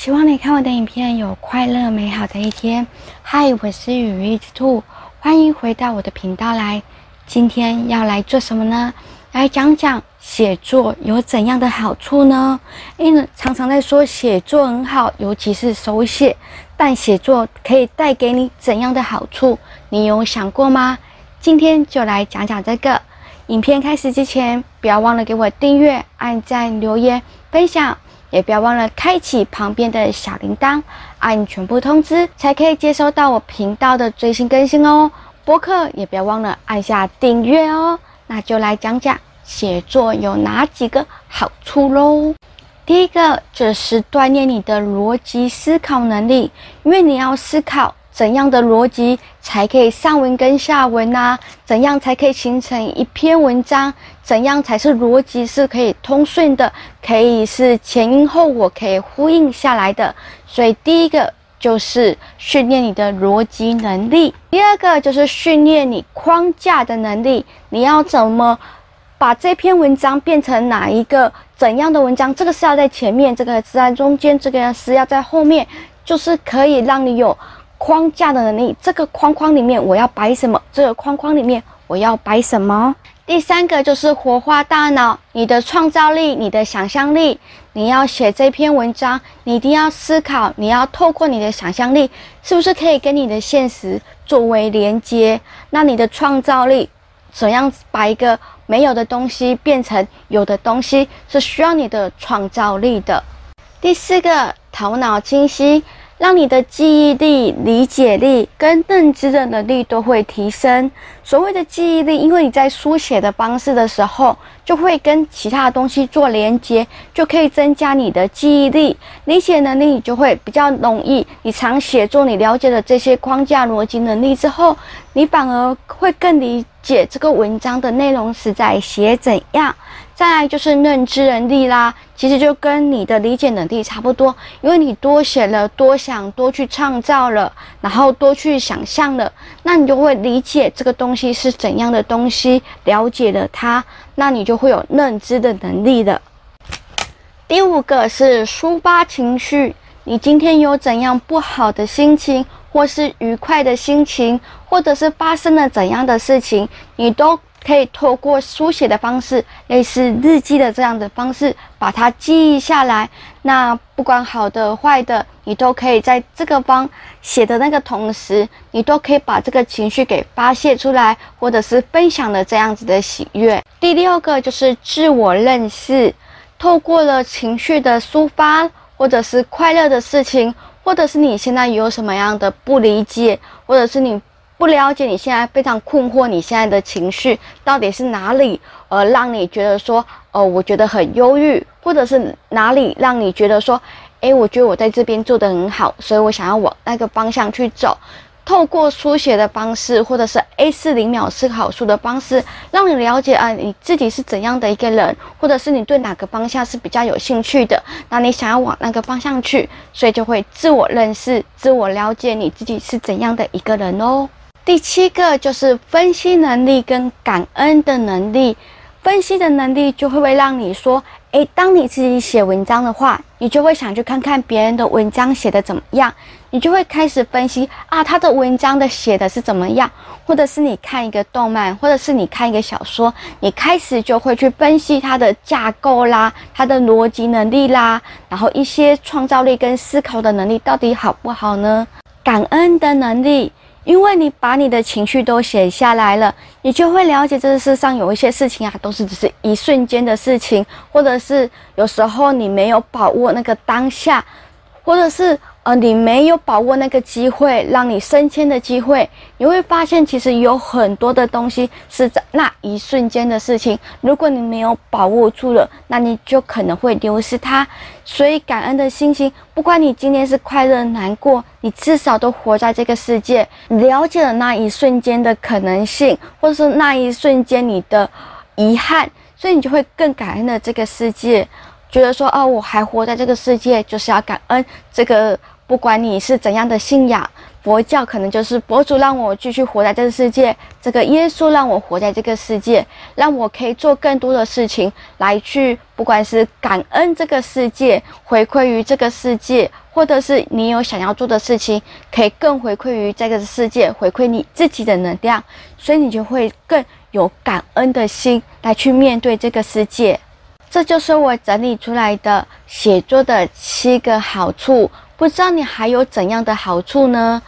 希望你看我的影片有快樂美好的一天。嗨，我是羽翼之兔，歡迎回到我的頻道來。今天要來做什麼呢？來講講寫作有怎樣的好處呢？因為常常在說寫作很好，尤其是手寫，但寫作可以帶給你怎樣的好處，你有想過嗎？今天就來講講這個。影片開始之前，不要忘了給我訂閱、按讚、留言、分享。也不要忘了開啟旁邊的小鈴鐺，按全部通知，才可以接收到我頻道的最新更新哦。播客也不要忘了按下訂閱哦。那就來講講寫作有哪幾個好處嘍。第一個就是鍛鍊你的邏輯思考能力，因為你要思考。怎樣的邏輯才可以上文跟下文呢、啊？怎樣才可以形成一篇文章？怎樣才是邏輯是可以通順的，可以是前因後果，可以呼應下來的？所以第一個就是訓練你的邏輯能力，第二個就是訓練你框架的能力。你要怎麼把這篇文章變成哪一個怎樣的文章？這個是要在前面，這個是在中間，這個是要在後面，就是可以讓你有。框架的能力，這個框框裡面我要擺什麼？這個框框裡面我要擺什麼？第三個就是活化大腦，你的創造力，你的想象力，你要寫這篇文章，你一定要思考，你要透過你的想象力，是不是可以跟你的現實作為連接？那你的創造力，怎樣把一個沒有的東西變成有的東西，是需要你的創造力的。第四個，頭腦清晰。讓你的記憶力、理解力跟認知的能力都會提升。所謂的記憶力，因為你在書寫的方式的時候，就會跟其他的東西做連接，就可以增加你的記憶力、理解能力，你就會比較容易。你常寫作，你了解了這些框架邏輯能力之後，你反而會更理解這個文章的內容是在寫怎樣，再來就是認知能力啦，其實就跟你的理解能力差不多，因為你多寫了，多想，多去創造了，然後多去想象了，那你就會理解這個東西是怎樣的東西，了解了它，那你就會有認知的能力了。第五個是抒發情緒，你今天有怎樣不好的心情，或是愉快的心情，或者是發生了怎樣的事情，你都可以透過書寫的方式，類似日記的這樣的方式，把它記憶下來。那不管好的壞的，你都可以在這個方寫的那個同時，你都可以把這個情緒給發洩出來，或者是分享了這樣子的喜悅。第六個就是自我認識，透過了情緒的抒發，或者是快樂的事情。或者是你現在有什麼樣的不理解，或者是你不了解，你現在非常困惑，你現在的情緒到底是哪裡？呃，讓你覺得說，哦、呃，我覺得很憂鬱，或者是哪裡讓你覺得說，誒，我覺得我在這邊做得很好，所以我想要往那個方向去走。透過書寫的方式，或者是 A 四零秒思考書的方式，讓你了解啊，你自己是怎樣的一個人，或者是你對哪個方向是比較有興趣的，那你想要往那個方向去，所以就會自我認識、自我了解你自己是怎樣的一個人哦。第七個就是分析能力跟感恩的能力，分析的能力就會讓你說，誒、欸，當你自己寫文章的話，你就會想去看看別人的文章寫得怎麼樣。你就會開始分析啊，他的文章的寫的是怎麼樣，或者是你看一個動漫，或者是你看一個小說，你開始就會去分析他的架構啦，他的邏輯能力啦，然後一些創造力跟思考的能力到底好不好呢？感恩的能力，因為你把你的情緒都寫下來了，你就會了解這個世上有一些事情啊，都是只是一瞬間的事情，或者是有時候你沒有把握那個當下，或者是。呃，你沒有把握那個機會，讓你升遷的機會，你會發現，其實有很多的東西是在那一瞬間的事情。如果你沒有把握住了，那你就可能會流失它。所以，感恩的心情，不管你今天是快樂、難過，你至少都活在這個世界，了解了那一瞬間的可能性，或者是那一瞬間你的遺憾，所以你就會更感恩的這個世界。覺得說，哦、啊，我還活在這個世界，就是要感恩這個。不管你是怎樣的信仰，佛教可能就是佛祖讓我繼續活在這個世界，這個耶穌讓我活在這個世界，讓我可以做更多的事情來去，不管是感恩這個世界，回饋於這個世界，或者是你有想要做的事情，可以更回饋於這個世界，回饋你自己的能量，所以你就會更有感恩的心來去面對這個世界。這就是我整理出來的寫作的七個好處，不知道你還有怎樣的好處呢？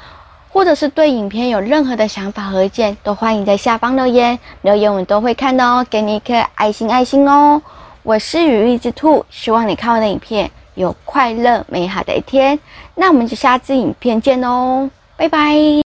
或者是對影片有任何的想法和意見，都歡迎在下方留言，留言我們都會看的哦，給你一顆愛心，愛心哦。我是羽翼之兔，希望你看完的影片有快樂美好的一天。那我們就下支影片見嘍、哦，拜拜。